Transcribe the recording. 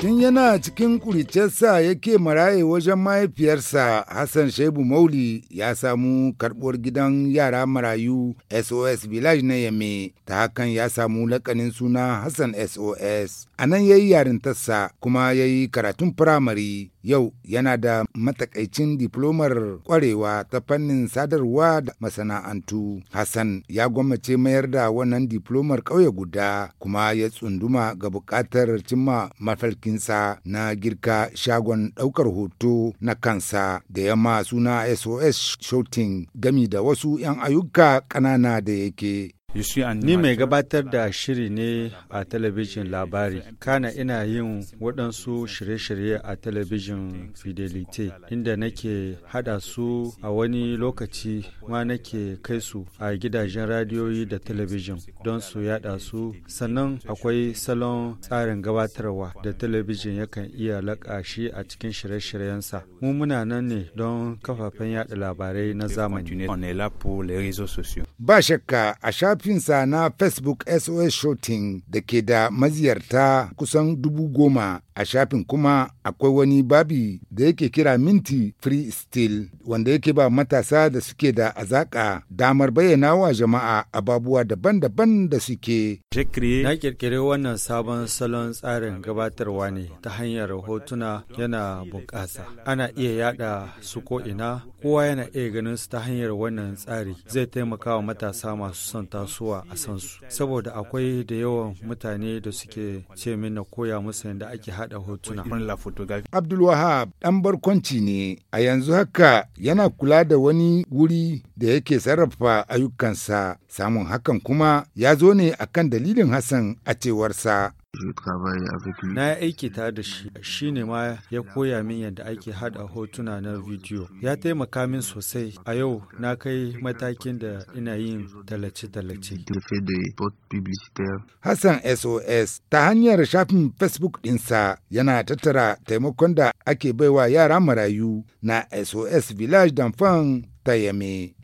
Tun yana cikin ƙuricensa yake maraye wajen mahaifiyarsa Hassan Shaibu Mauli ya samu karbuwar gidan yara marayu SOS Village na Yame, ta hakan ya samu lakanin suna Hassan SOS. A nan ya yi yarintarsa kuma ya yi karatun firamare. yau yana da matakaicin diplomar kwarewa ta fannin sadarwa da masana'antu. Hassan ya gwammace mayar da wannan diplomar ƙauye guda kuma ya tsunduma ga buƙatar cimma mafalkinsa na girka shagon ɗaukar hoto na kansa da yamma suna SOS Shooting gami da wasu 'yan ayyuka ƙanana da yake Ni mai gabatar da shiri ne a talabijin labari. Kana ina yin waɗansu shirye-shirye a talabijin Fidelite, inda nake haɗa su a wani lokaci ma nake kai su a gidajen radiyoyi da talabijin don su yada su. Sannan akwai salon tsarin gabatarwa da talabijin yakan iya laƙa shi a cikin shirye-shiryensa. Mu muna nan ne don kafafen yaɗa labarai na zamani. Ba shakka a shafinsa na Facebook SOS Shooting da ke da maziyarta kusan dubu goma a shafin kuma akwai wani babi da yake kira Minti Free Steel wanda yake ba matasa da suke da azaka damar bayyana wa jama'a ababuwa daban-daban da suke. Na kirkiri wannan sabon salon tsarin gabatarwa ne ta hanyar hotuna yana bunƙasa. Ana iya yada su ko ina kowa yana iya ganin su ta hanyar wannan tsari zai taimaka wa matasa masu son kasuwa a san saboda akwai da yawan mutane da suke ce min na koya musu yadda ake hada hotuna abdulwahab dan barkwanci ne a yanzu haka yana kula da wani wuri da yake sarrafa ayyukansa samun hakan kuma ya zo ne akan dalilin hassan a cewarsa Na aiki ta da shi, shi ne ma ya koya min yadda ake hada hotuna na bidiyo. Ya taimaka min sosai, a yau na kai matakin da ina yin talace tallace Hassan SOS ta hanyar shafin Facebook ɗinsa yana tattara taimakon da ake baiwa yara marayu na SOS Village Danfan ta Yame.